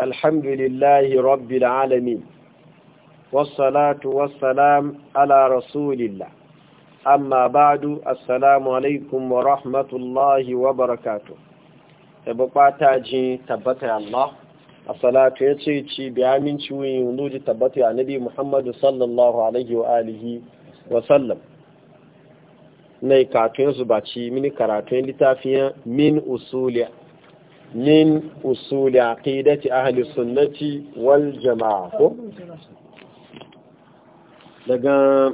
الحمد لله رب العالمين والصلاة والسلام على رسول الله أما بعد السلام عليكم ورحمة الله وبركاته تبقى تبتع الله الصلاة يتشي بعامين شوي ونوج على نبي محمد صلى الله عليه وآله وسلم نيكاتين زباتي من كراتين لتافيا من أصول min usuli aqidati ahli sunnati wal jama'a ko daga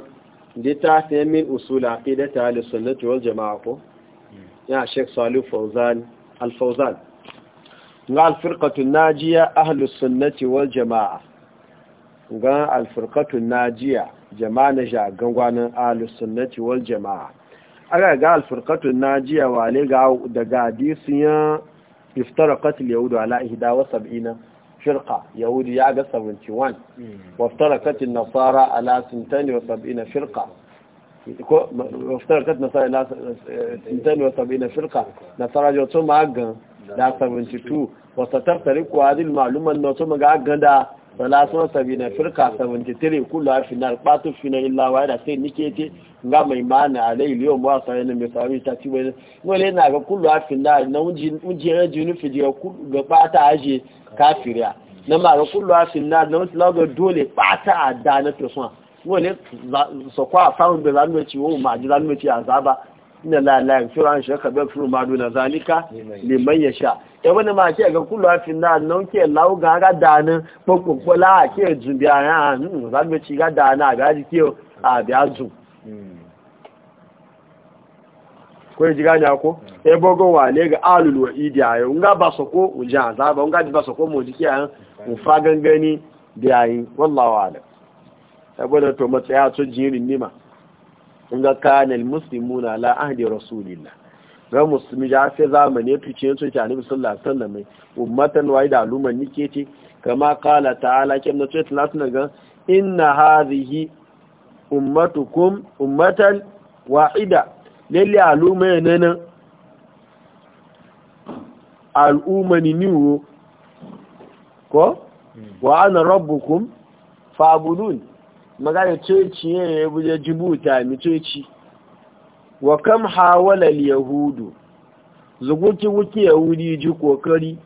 littafin min usuli aqidati ahli sunnati wal jama'a ko ya Sheikh Salih Fawzan al-Fawzan ga al-firqatu najiya ahli sunnati wal jama'a ga al-firqatu najiya jama'a na jagangwanin ahli sunnati wal jama'a aga ga al-firqatu najiya wale ga daga hadisiyan افترقت اليهود على 71 فرقة يهودي على 71 وافترقت النصارى على 72 فرقة وافترقت النصارى على 72 فرقة نصارى جوتهم أقن دا 72 وستفترق هذه المعلومة أنهم أقن دا 73 فرقة 73 كلها في النار قاتل فينا إلا وعيدا سيد نكيتي nga mai mana ale liyo mu asa yana mai sauri ta ci wani wale na ga kullu afin da na unji yana jini fiji ga bata aje kafiriya na ma ga kullu afin da na wasu lagar dole bata a da na tosuwa wale sakwa a samun da zanuwa ci wani ma ji ci a zaba ina la la yan firan shi ka bai furu na zalika liman ya sha ya e wani ma ke ga kullu afin da na ke lauga ga dana a ke zumbi a yana hmm, zanuwa ci ga dana a gaji ke a ko ji ganya ko e wa ne ga wa idi ayo nga ba so ko uja azaba nga di ba so ko mo ji kiya mu hmm. fa gangani da yayi wallahu ala saboda to ya to jirin nima nga kana almuslimuna la ahdi rasulillah ga musulmi ja sai zamani to ce to ce annabi sallallahu alaihi wasallam ummatan wahida aluman nike ce kama qala ta'ala na ga inna hadhihi ummatukum ummatan wa'ida lele al'umma yana nan al'umma ni niwo ko hmm. wa ana rabbukum fa'budun magana ceci ne ya buje jibuta mi ceci wa kam hawala yahudu zuguki wuki yahudi ji kokari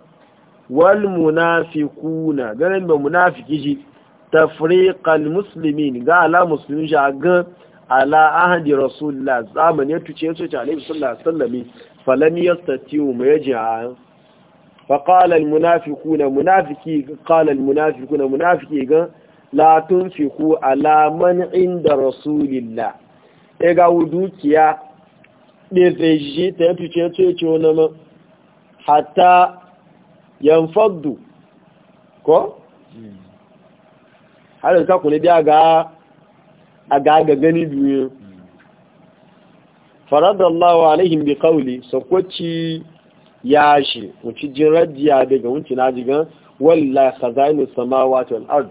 wal munafiquna ganin ba munafiki ji tafriqal muslimin ga ala muslimin ja ga ala ahadi rasulullah zamani ya ce, su ta alaihi sallallahu alaihi wasallam falam yastatiu ma yaja fa qala al munafiquna munafiki qala al munafiquna munafiki ga la tunfiqu ala man inda rasulillah e ga wudukiya de zeji ta ce, su ce wannan hatta yanfaddu ko harin kakuni bi ga aga gani biyu faradallahu alaihim bi qawli sokoci ya shi jin jiradiya daga wunci na jigan walla khazainu samawati wal ard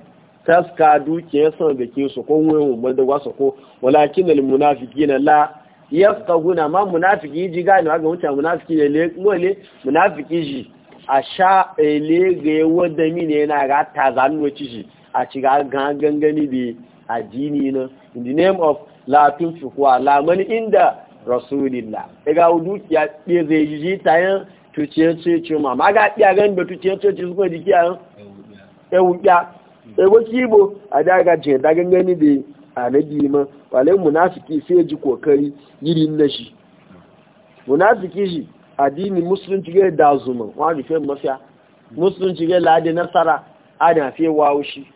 taska dukiyar sama da ke su ko wuyan da gwasa ko walakin al munafiqina la yafqahuna ma munafiki ji gani ga wunci munafiki ne le mole munafiki ji a sha ele ga wanda ne yana ga tazanu ci shi a shiga gangani bi addini na in the name of latin fukuwa lamani inda rasulillah daga dukiya ɗaya zai yi ji tayan tuciyar cece ma ma ga ɗiya gani da tuciyar cece su kuma jiki a wuɗiya. ɗaya ɗaya kibo a daga ce da gangani bi a na ma wale munafiki sai ji kokari yiri na shi munafiki shi addini musulunci gai da zuma wani fiye mafiya musulunci gai ladi nasara ana fiye wawo shi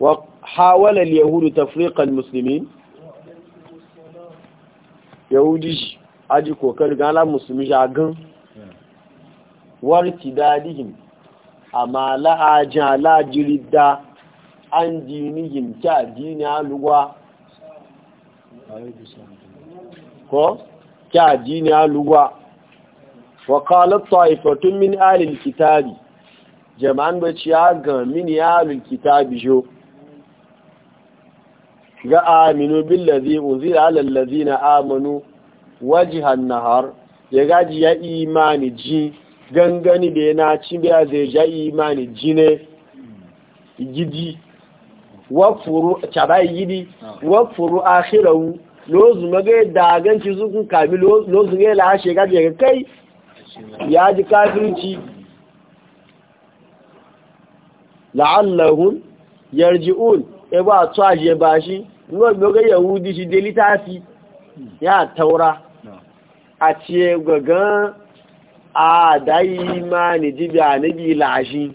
وحاول اليهود تفريق المسلمين يهودي aji kokari gala musulmi jagan warki dadihim amma la'ajin alajiri da an dinihim ta dini aluwa ko ta dini aluwa wa qalat ta'ifatun min ahli alkitabi jama'an bace ya ga min ya alkitabi jo ga aminu billazi unzila ala allazina amanu wajhan nahar ya gaji ya imani ji gangani da yana cibiya zai ja imani ji ne gidi wafuru cabai gidi wafuru akhirahu lozu maga daganci zukun kami lozu ne lashe gaji ya kai ya ji kafirci la'allahun yarji'un ebe a tso aje ba shi ngon yoga yahudi shi deli tafi ya taura a ce gagan a dayi ma ni jibi a nabi lashi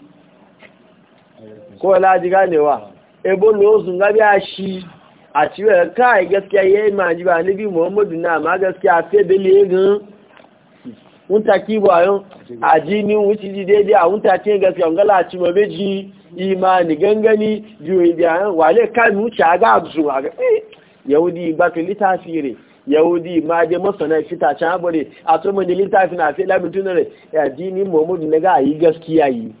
ko laji ganewa ebo lozu ngabi a shi a gaskiya ya a muhammadu na ma gaskiya a ni a ma imani gangani juyin wale kan wuce a ga abu a ga yahudi ba littafi yahudi ma masana fita can abu ne a to mani littafi na fi muhammadu na ga yi gaskiya yi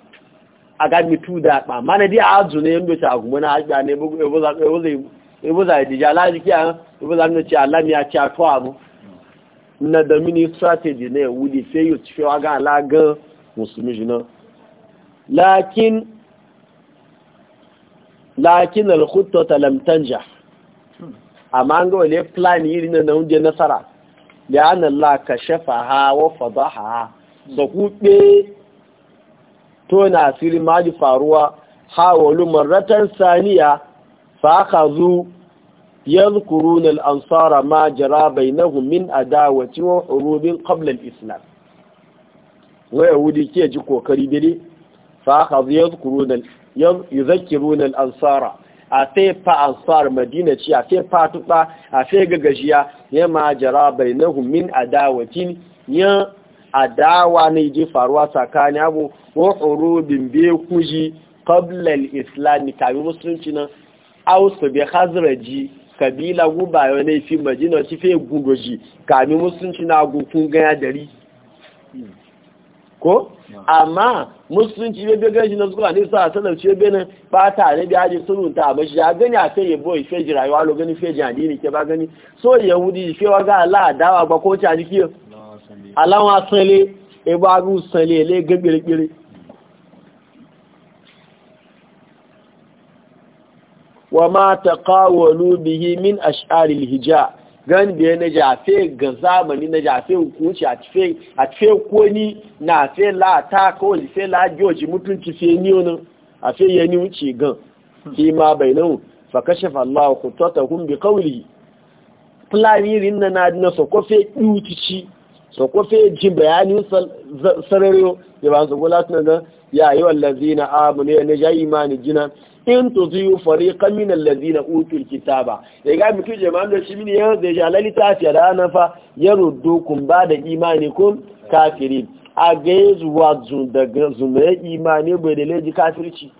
a ga mitu da ba mana dai a azu ne yadda ta agu mana hajjia ne ebo za yi dija za nuna ce alami ci a abu na da mini strategy na yahudi sai yi ga alagan musulmi jina lakin lakin alkhutto talamtanja amma an ga wale plan iri na naunje nasara da an Allah ka shafa ha wa fadaha da kuɓe to na asiri maji faruwa ha walu marratan saniya fa aka zu al-ansara ma jara bainahum min adawati wa hurubin qabla al-islam wa yahudi ke ji kokari dare fa aka zu zaki al-ansara a sai fa ansar madina ci a sai fa tuba a sai gagajiya ya ma jara bainahum min adawatin ya adawa ne ji faruwa tsakanin abu wa urubin be kuji qabla al-islam kabi musulunci nan ausu bi khazraji kabila guba ne fi madina ci fe gugoji kabi musulunci na gukun ga dari ko amma musulunci bai bai gani na zuwa ne a sanar ce benin ta ne da yaji ta a shi ya gani a kai ya boy feji rayuwa lo gani feji addini ke ba gani so yahudi fe wa ga Allah dawa ba ko ta dike alawa sale e ba ru sale le gabire gire wa ma taqawalu bihi min ash'aril hijaa gan da na jafe ga zamani na jafe hukunci a cife a koni na fe la ta ko li fe la joji mutunci fe ni ona a fe ya ni wuce gan fi ma bainahu fa kashafa Allah khutatahum bi qawli fulanirin na na na so ko fe dutici so ko fe jin bayani sarariyo ya ba su gula tun ga ya ayyuhallazina amanu ya ne ja imani jina in to zuyu fariqan min allazina utul kitaba ya ga mutu jama'an da shi mini ya da ya lalita ta da ana fa yaruddukum ba da kun kafirin a ga zuwa zu daga ya imani bai da leji kafirci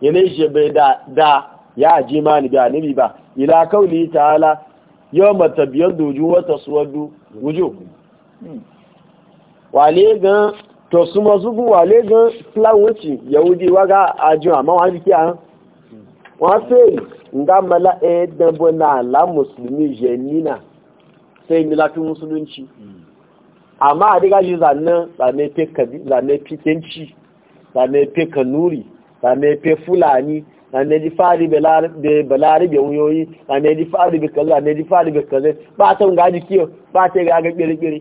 ya ne shi bai da ya ji imani da nabi ba ila kauli ta'ala yawma tabyaddu wujuhu wa taswaddu wujuh wale ga to su masu fún wà lé gan fúláwọ́tì yahudi wága àjọ àmọ́ wọn fi kí a wọn fèèrè nga mala ẹ̀ẹ́dẹ́gbọ́ e náà lá mùsùlùmí yẹ nínà sai milatun musulunci amma a diga shi zanen zane fi kenci zane fi kanuri zane fi fulani zane ji fari balaribe wuyoyi zane ji fari bi kaza zane ji fari bi kaza ba ta ga jiki ba ta ga ga kere-kere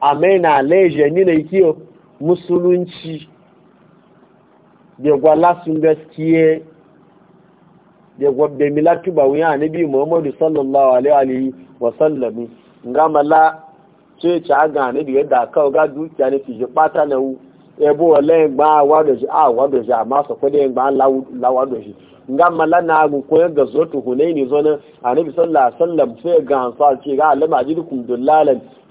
amena leje laije ni na ikiyo musulunci da gwala sun gaskiye da gwabda milatu ba wuya na biyu muhammadu sallallahu alaihi wa ga mala ce ce a ga na biyu da kawo ga dukiya na fiji bata na wu ebo wale gba wadoji a wadoji a masu kudi gba la wadoji nga mala na gu ko ga zo to hunaini zo na sallallahu alaihi wasallam sai ga hansa ce ga alama jidukum dullalan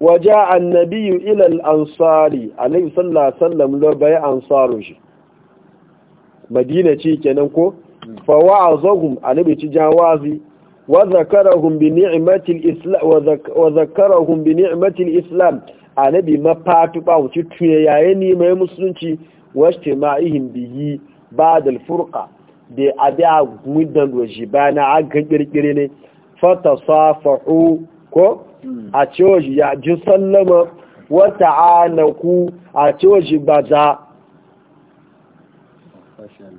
Waje annabi ilal ansari alayhi sallallahu alaihi wasallam madina ci kenan ko fa wa'azahum alayhi ci jawazi wa zakarahum bi ni'matil islam wa zakarahum islam anabi ma patu ba wuce tuye yayin ni mai musulunci washte ma'ihim bihi ba'da al-furqa da abia gudan wajibana a gangirgire ne fa tasafahu ko a cewa ya ji sallama wata anaku a cewa shi ba za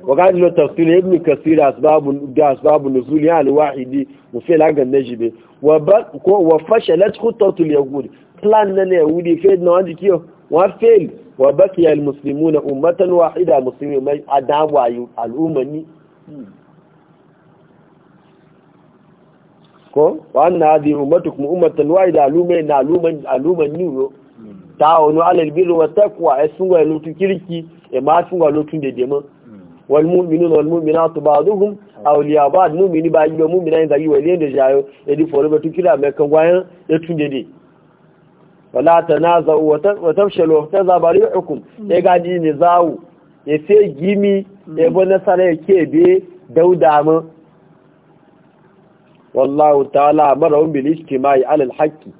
wakati lo tafsiri ibn kasir asbabu da asbabu nuzuli al wahidi mufil an ganne shi be wa ba ko wa fashalat khutatu al yahud plan na ne yahudi fe na wanda kiyo wa fail wa baqiya al muslimuna ummatan wahida muslimin mai adabu al ummani ko wa anna hadhihi ummatukum ummatan wahida alume na aluman Ta niyo ta'awunu 'ala al-birri wat-taqwa asunga e lutu kirki e ma sunga lutu de dema wal mu'minuna wal mu'minatu ba'duhum awliya ba'd mu'mini ba yi mu'mina in zagi wali da jayo e di foro batu kila me kan gwayan e tun de wala tanazu wa tafshalu wa tazabarihukum e ga di ne zawu e sai gimi e bo nasara e ke be daudama wallahu ta'ala marahun bil ijtimai alal haqqi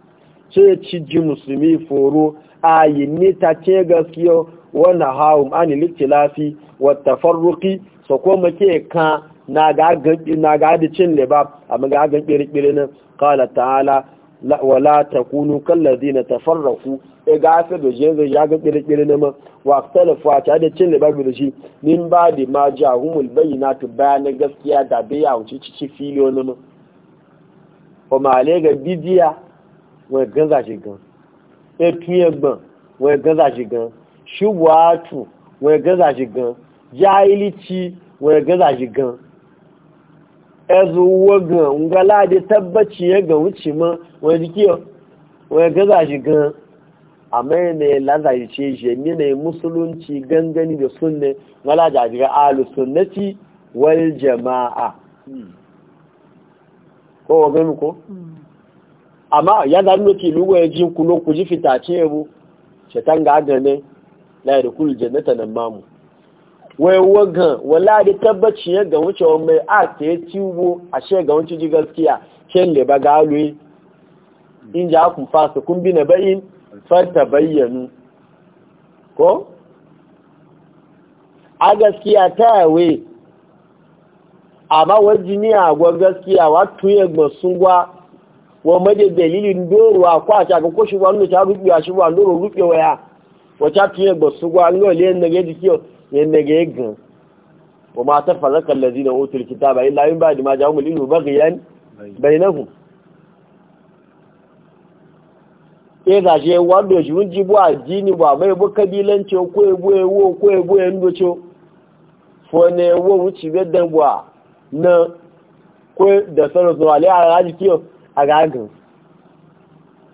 ce ciji musulmi foro ayinni ta ce gaskiyo wana hawum an liktilafi wa tafarruqi so ko make ka na ga na ga da cin liba amma ga ga kirkire nan kala ta'ala wala ta kunu takunu kallazina tafarraqu e ga sa da je ya ga kirkire nan wa talafa ta da cin liba bi da shi min ba di ma a jahumul bayyinatu bayanan gaskiya da bayawu ci ci filiyo nan wọ́n ọmọ àlẹ́ gẹ̀ bídíà wọn gan zàṣe gan ẹtún ẹgbọ̀n wọn gan zàṣe gan ṣubú àtù wọn gan zàṣe gan jáìlìtì wọn gan zàṣe gan ẹzù wọ́n gan ngaládé tabbaci yẹn gan wuce mọ wọn kí ọ wọn gan zàṣe gan àmọ́ ẹ̀nà ìlànà ìṣeṣe nínú musulunci gangani da sunne wọ́n lájà àjẹgà alùsùnnẹ́tì wal jama'a. Hmm. ko gani ko amma ya da nuna ke luwa ya ji kuno ku ji fitace yabo shaitan ga agane na ya da kulu jannata nan mamu wai wagan wala da tabbaci ya ga wuce wa mai a ta ya ciwo a she ga wuce ji gaskiya shen da ba galoyi in ji akun fasa kun bi na bayin farta bayyanu ko a gaskiya ta yawai. amma wajen ni a gwa gaskiya wa tuye gba sun gwa wa made dalilin doruwa ko a shaka ko shi ba nuna ta rubewa shi ba nuna rubewa ya wata tuye gba sun gwa an gole yadda ga yadda kiyo yadda ga yadda wa ma ta faraka lazi na otul kitaba illa yin ba da ma jawo mulinu bagiyan bainahu e eh, ga je wando shi mun jibu addini ba mai bu kabilanci ko ebo ewo ko ebo endo cho fone wo wuci bedan bua na ko da sanar zuwa ne a raji kiyo a gagin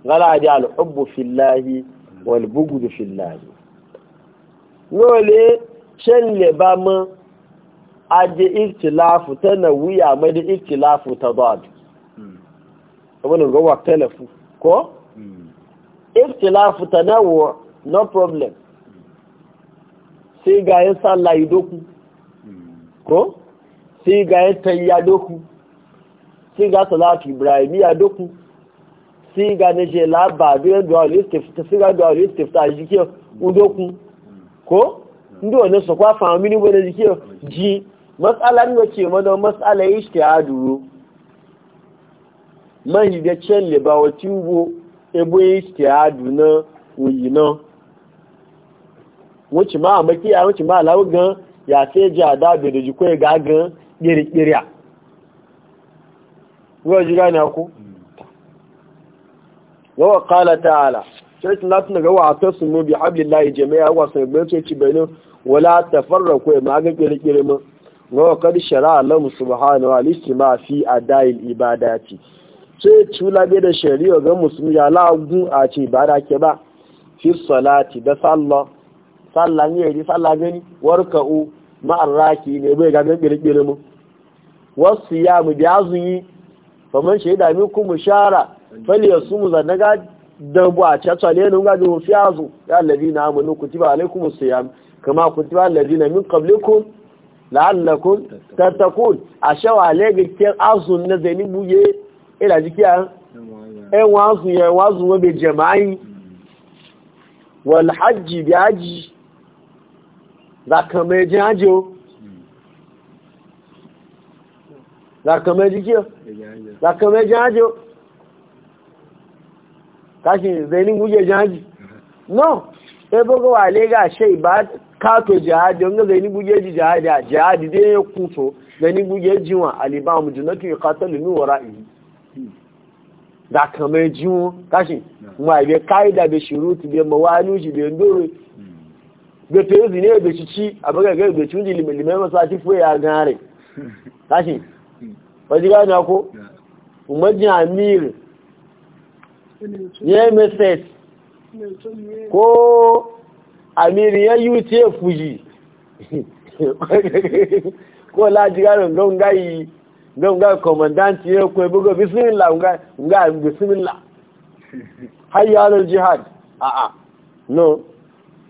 gala da al'ubbu fillahi wal da fillahi nole shan leba mu aje ikhtilafu ta na wuya mai da ikhtilafu ta bad abin ga wa talafu ko ikhtilafu ta na no problem sai gayan yin sallah yi doku ko sai ga yatan ya doku ga salatu ibrahimi ya doku ga na je laba biyan duwal istifta sai ga duwal istifta a jikin udoku ko ji matsala ni mana matsala e ya shi ta duro mahidacin wuce gan ya sai ji a dabe da jikwai gagan ƙirƙiriya yau ji gane ku kala ta ala? sai na tuna ga wata sun nubi abdullahi jami'a wa sabbin sai ci benin wala ta farra ku ya magan ƙirƙiri min yawa kar shara Allah subhanahu alisti ma fi a dayin ibadati sai tula bai da shari'a ga musulmi ya lagun a ce ibada ke ba fi salati da sallah sallah ne yi sallah gani warka'u raki ne bai ga gaggirgiri mu wasu ya mu biya zuyi faman shaida min kuma shara fali ya mu zanna ga dabu a ne nun ga bihu zu ya lalabi na amanu kutiba alaikum siyam kama kutiba lalabi na min kablikun la'allakun tattakun a shawa le azun na zani buye ila jikiya yan wazu ya wazu wabe jama'i wal hajji biya zakamai jin ajiyo zakamai jikiyo zakamai jin ajiyo kashi zainin guje jin aji no sai e bugu wale ga shai ba kato jihadi wanda zainin guje ji jihadi a jihadi dai ya kuto zainin guje jiwa aliba mu jinatu ya katalu ni wara'i zakamai jiwo kashi ma bai ka'ida bai shiruti bai mawaluji bai ndori mm. gbẹ̀tọ̀ yóò sì ní ẹgbẹ̀ ṣíṣí àbẹ́gbẹ̀ ẹgbẹ̀ tí ó jì lìmẹ̀ mọ́sá tí fún ẹ̀yà gan rẹ̀ láṣì ọjíká ní ọkọ́ ọmọdún amir ní mss kó amir yẹn utf yìí kó lájíká rẹ̀ ngọ́ngá yìí ngọ́ngá kọmọdántì ẹkùn kó ẹgbẹ́gbẹ́ bisimila ngá bisimila hayyalar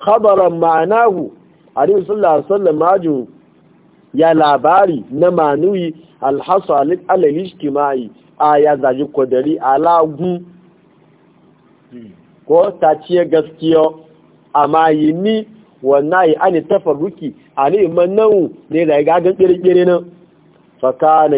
khabaran ma'anahu alaihi sallallahu alaihi wasallam maju ya labari na manuyi alhasalin alal ijtimai a ya zaji kodari alagu hmm. ko ta ce gaskiya? amma yi ni wannan yi ani tafarruki ani manau ne da ga ga kirkire nan fa kana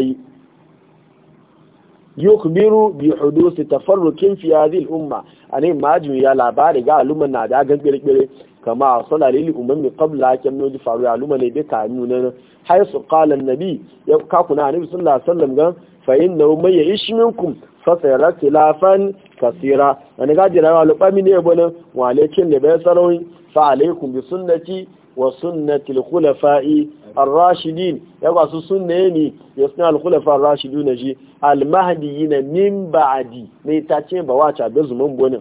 yukbiru bi hudusi tafarrukin fi hadhihi al-umma ani maju ya labari ga alumma na da ga kirkire kama a sala lili umami qabla kem no ji faru aluma ne be ka nuna hay su qala annabi ya ka kuna annabi sallallahu alaihi wasallam ga fa innahu may ya'ish minkum fa sayara khilafan kasira an ga jira wa lubami ne bona wa da bai sarawi fa alaikum bi sunnati wa sunnati al-khulafa'i ar-rashidin ya ga su sunne ne ya sunna al-khulafa ar-rashidun ji al-mahdiyina min ba'di ne ta ce ba wace da zumun bonin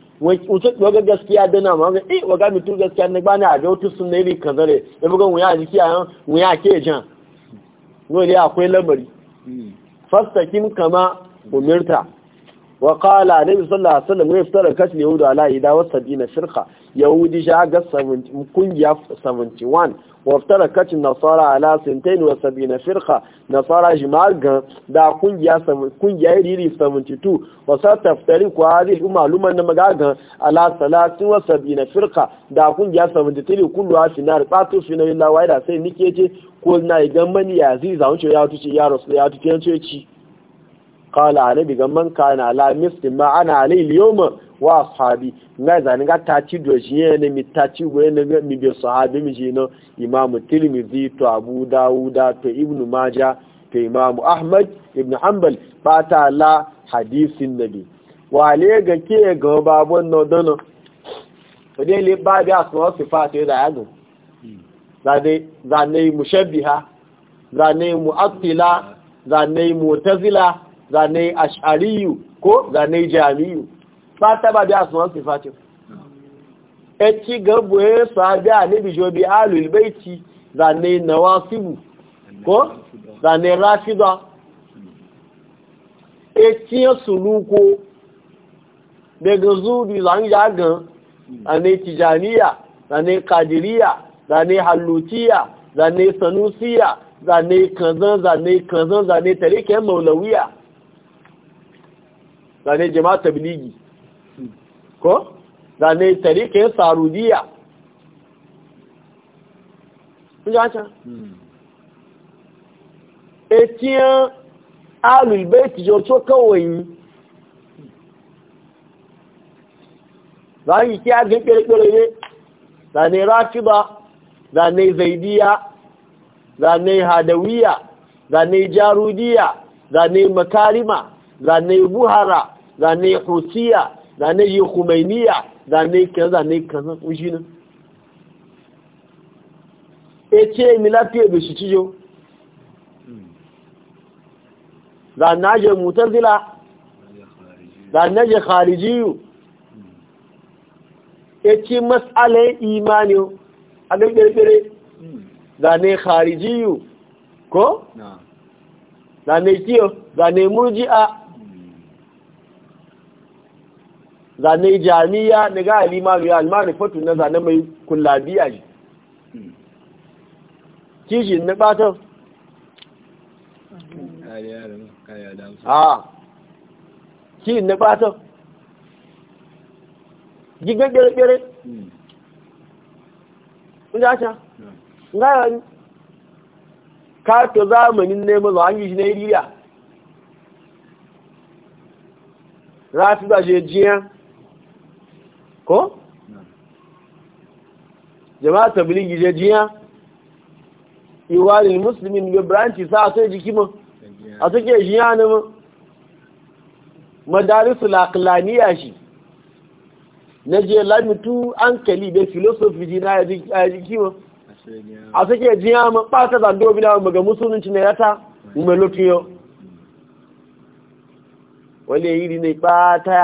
waga gaskiya dana ma waga eh waga mutu gaskiya na ba na a gautu sun na ri kaza ne da bugan wuya a jiki a yan wuya a ke jan dole akwai lamari hmm. fastakin kama umirta وقال النبي صلى الله عليه وسلم يفترى كشف يهود على إذا وسبين فرقة يهودي شاقة كنجة 71 وافترى كشف النصارى على سنتين وسبين فرقة نصارى جمال دا كنجة كنجة ريري 72 وستفترق هذه الأمة لما نمقاقا على 73 فرقة دا كنجة 73 كلها في نار باتو في نار الله وإلا سينيكيتي قلنا يغمني يا عزيز يا شو يا رسول يا تتين kala a nabi man kana ala misli ma ana alai liyoma wa sahabi nga zani ga ta ci do shi ne mi ta ci go ne mi bi sahabi mi ji no imamu to abu dawuda to ibnu maja to imamu ahmad ibnu hanbal ba ta la hadisin nabi wale ga ke ga babon no dono to dai le ba bi asma sifat da yago zane zane mushabbiha zane mu'attila zane mu'tazila zane ash'ariyu ko zane jami'u ba ta ba da asman sifatin e ci gabo ya e sabi a nabi jobi alul baiti zane nawasibu ko zane rafida e ci ya suluko daga zubi zan gan. zane tijaniya zane kadiriya zane hallutiya zane sanusiya zane kanzan zane kanzan zane tarike maulawiya zane jama'a tabligi ko zane tariƙe sarudiya ƙunjata hmm. etiyan alulbeti jorto kawai yi zane ki agin ƙere-ƙere ne zane rafiba zane zaidiya zane hadawiya zane jarudiya zane makarima zane buhara zane husiya zane yi humainiya zane kan zane kan ushi nan e ce mi lafiya bai shi cijo zane je zila? zane khariji yi e ce matsalai imani a ɗanɗarɗare zane yi ko? zane kiyo zane a? zane jami'a na ga alimaru ya almaru fatu na zane mai kullabiya ji kishi na ɓatan a kishi na ɓatan gigan ƙere-ƙere ga ta ƙayan kato zamanin neman zuwa hanyar shi na iriya rafi ba shi jiyan ko jama'a tablighi je jiya iwalil muslimin bi branchi sa sai jiki mu a suke jiya ne mu madarisu aqlaniya shi na je lamitu ankali da philosophy jina ya jiki mu a suke jiya mu ba ta zando bi da mu ga musulunci ne yata mu melotiyo wale yiri ne ba ta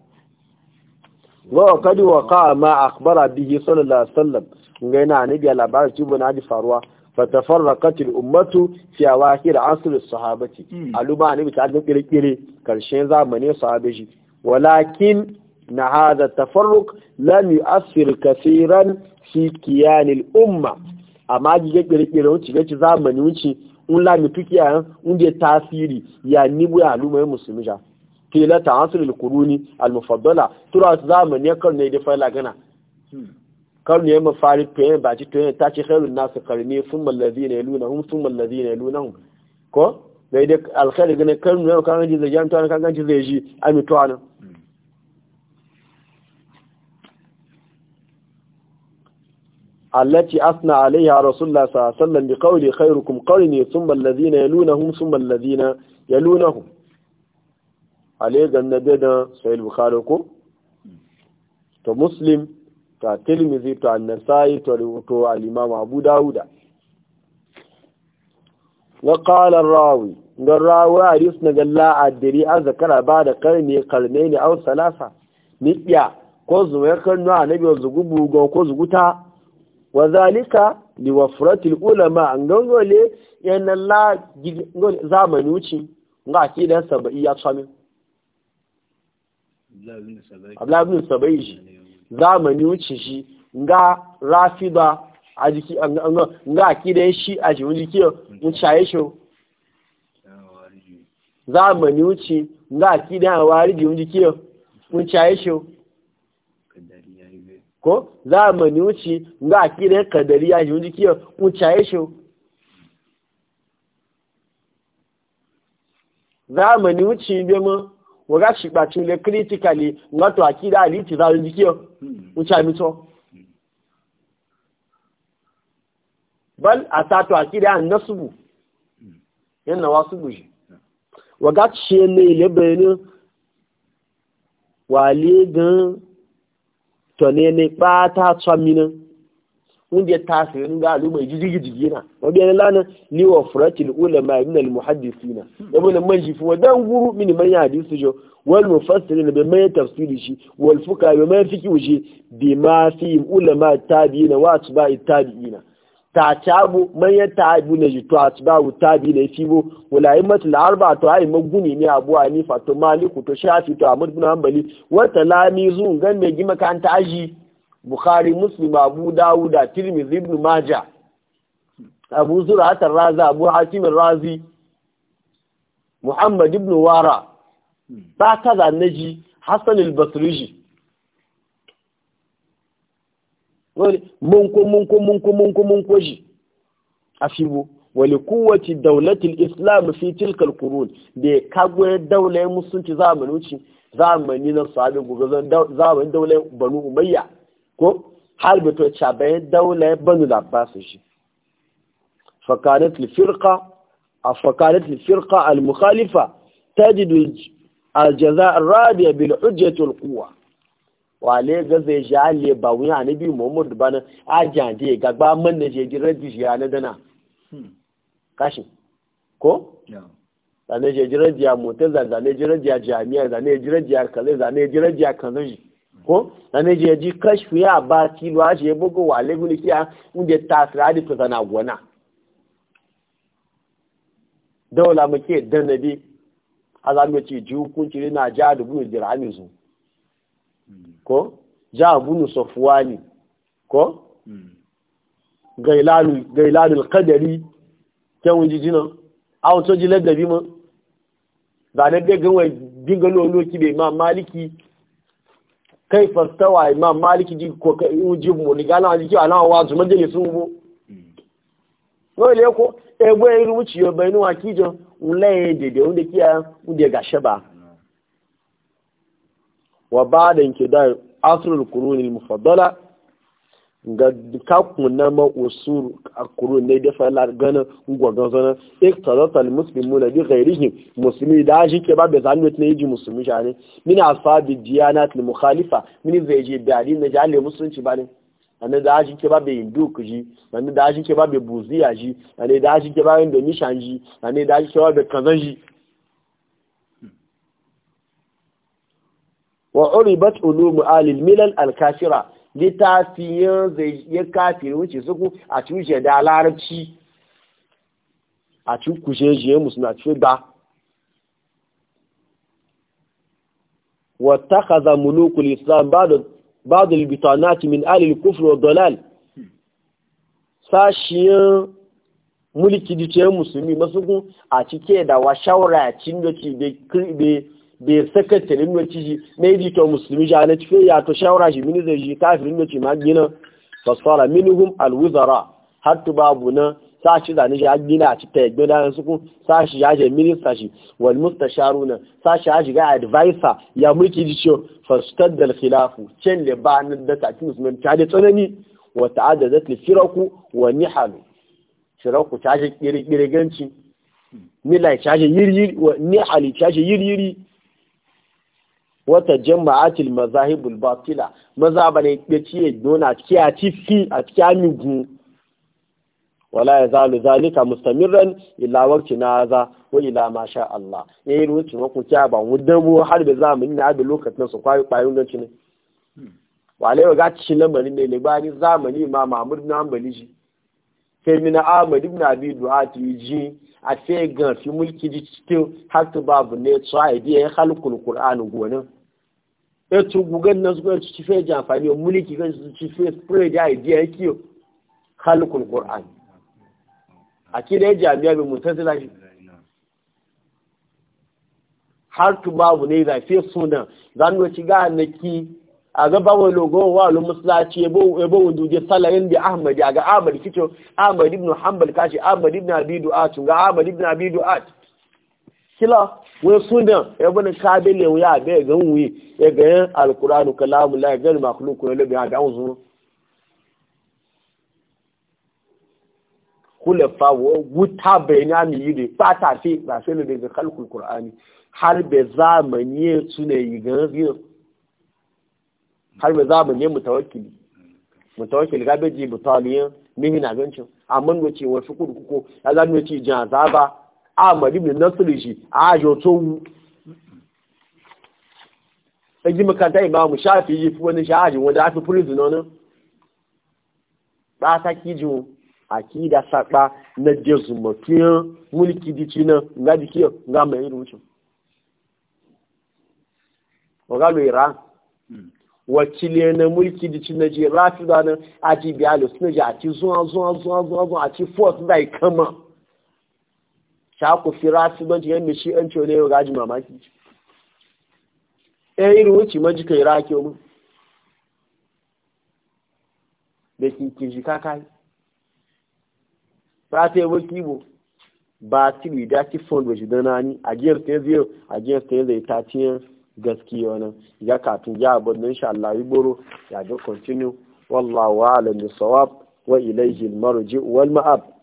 wa kadi wa ka ma akbara bihi sallallahu alaihi wasallam ngaina annabi labari tubu na ji faruwa fatafarraqatil ummatu fi awakhir asr as-sahabati aluma annabi ta dukire kire karshen zamanin sahabeji walakin na hada tafarruq lam yu'assir kaseeran fi kiyan al-umma amma ji kire kire wuce ga zamanin wuce un la mi un je tasiri ya nibu aluma musulmi tilata asirin kuruni almufaddala tura zamani ya karni da fa'ila gana karni ya mafari fiye ba ci tuyen ta ci khairun nasu karni sun mallazi na iluna hun sun mallazi na iluna hun ko dai dai alkhairu gane karni ya kan ji zai jami'a kan ganci zai ji amintuwa nan allaci asna alaiya rasulullah sallallahu alaihi wasallam bi qawli khairukum qawli ne sun mallazi na iluna hun sun mallazi na iluna hun alegan na beda sahih bukhari ko to muslim to tirmidhi to an-nasai to to al-imam abu dauda wa qala ar-rawi dan rawi hadis na galla adiri azkara ba da karne karne ne aw salasa niya ko zuwa karnu annabi zugu go ko zuguta wa zalika li wafrati al-ulama an gangole yan la zamani wuci ga akidan sab'i ya tsamin Abdullahi Sabai shi zamani wuce shi nga rafida a jiki nga akida shi a jiki wuce mm. shi zamani wuce nga akida a wari jiki wuce shi ko zamani wuce nga akida kadari a jiki wuce shi zamani wuce bema waga shi bacin le critically wato akida aliti za su jikiyo wuce hmm. mito bal a sato akida an nasubu hmm. yana wasu buji waga shi ne ile bayani wale gan ne ne ba ta tsamina wanda ya tasa yin ga mai jijigi jigi na wabi yana lana ni wa furatil ulama min al muhaddisina ibn man shi fi wadan guru min man ya hadisu jo wal mufassirin bi man tafsiri shi wal fuka bi man fiki wuji bi ma fi ulama tabi'ina wa atba'i na ta tabu man ya tabu na jitu na fi bo. wala immat al arba to ai maguni ne abu a fa to maliku to shafi to ahmad lami zuwa gan mai gima kan ta aji bukhari muslim abu dawuda tirmidhi ibn Majah, abu zur'at razi abu hatim razi muhammad ibn wara ba da naji hasan al-basriji wani munko munko munko munko munko ji a fibo wani kowace daulatin islam fi tilkal kurun da ya kagwe daular musulunci zamanin wuce zamani na sabi gugazon zamanin daular banu umayya ko har bito cabai daula banu labbasu shi fakarat lifirka a fakarat lifirka al-mukhalifa tajidu al radiya bil hujjatul quwa wale ga zai jale ba wuya bi muhammad bana ajande ga man ne je ya na dana hmm. Kashi, ko zane je ya mutazar zane jiraji ya jami'ar zane jiraji ya kaza zane jiraji ya kaza ko zane je ji kashfu ya ba kilo a je bugu wa leguni kiya inda ta sirari ta zana gona daula muke dan nabi a zamu ci ji hukunci na ja da bunu dirhami su ko ja bunu safwani ko hmm. gailanu gailanu alqadari kan wuji jina a wato ji ladabi da zane be ganwa dingalo loki be ma maliki kai fastawa imam maliki ji ko kai ujib mu ni gana ji ana wa zu majali sun bu no mm. le ko e bo e ru ci yo be ni wa ki jo e de de unde kiya unde ga sheba mm. wa ba'da inqida asrul qurun al mufaddala ga kakun na ma'usur a kuro ne da falar ganin gwagon zanen iktaratar musulmi na bi ghairihi musulmi da shi ke ba bai zanuwa na yi musulmi sha ne mina sabi diyana til mukhalifa mini zai je dari na jale musulunci ba ne ane da shi ke ba bai hindu ku ji ane da shi ke ba bai buziya ji ane da shi ke ba bai indonesia ji ane da shi ke ba bai kazan ji wa uribat ulumu alil milal al-kafira littafiyan zai ya kafin wuce suku a cushe da larabci a cikushe jiye musu na ce ba wata kaza mulukul islam ba da libitanati min alil kufur wa dalal sashiyan mulki diciyar musulmi masu kun a cike da wa shawara cin da ci bai saka tilin da ciji na yi to musulmi ja na cikin ya to shawara shi mini zai ji kafirin da ci ma gina fasara minhum alwuzara har tu babu na sashi zane shi gina a cikin yagbin da su ku sashi ya je minista shi wal mustasharuna sashi ya shiga advisor ya mulki ji ciwo fastar da khilafu can da ba na da tafi musulmi ta da tsanani wa ta'addadat li firaku wa nihalu firaku ta je kirkirganci milai ta je yiri yiri wa nihali ta je yiri yiri wata jama'atil mazahibul batila maza ba ne ya ciye nuna kiya tifi a gun. wala ya zalu zalika mustamirran illa waqti naza wa ila ma sha Allah yayin wucin ku kiya ba wudabu har da zamanin na da lokacin su kwai kwayin ganci ne wale wa gaci shi lamarin ne libani zamani ma mamur na ambali shi sai na ahmad ibn abi du'ati ji a sai ga fi mulki ji cikin haktu babu ne tsaidi ya halkul qur'an gonin etu gugan na su kwanci ci feji amfani wa mulki kan su ci fe spray da idea ya halukul qur'an a kida jami'a bai mutansu lafi har babu ne za suna za nuna ci ga na ki a ga bawa logo wa lu musulaci ya bawa duje salayin da ahmad a ga ahmad kicin ibn hanbal kashi ibn abidu du'at ga ibn abidu du'at kila wani suna ya bani kabele wuya bai ga wuyi ya ga yan alkuranu kalamu la ga makhluku ne da ga uzu kula fa wuta bayna mi yide fata fi ba sai ne daga kalkul qur'ani har be zamani sune yi ga biyo har be zamani mutawakkili mutawakkili ga beji mutaliyan mihina gancin amma wace wasu kudu kuko ya zanu ce jan zaba. ahmad ibn nasir shi a ajo towu ẹjí makanta imamu shafi yi fi wani sha'aji wanda a fi prison nanu ba ta kijin akida sapa na jezumatiyan mulki dici na nga dikiyo nga mai irin wucin ọgá lo iran wakile na mulki dici na je rafi da nan aji biya lo suna ji a ci zuwa zuwa zuwa zuwa a ci force da ikama ta ku fira su don da shi an cewa yau gaji mamaki ɗaya eh, irin wuce maji kai rake mu da kinkin shi kakai ta yi wuce bo ba ti bi da ti fon da shi da nani a giyar ta zai a giyar ta zai ta ciyar gaskiya wani ya kafin ya abu don sha Allah yi boro ya ga continue wallawa alamu bisawab wa ilaihi almarji wal ma'ab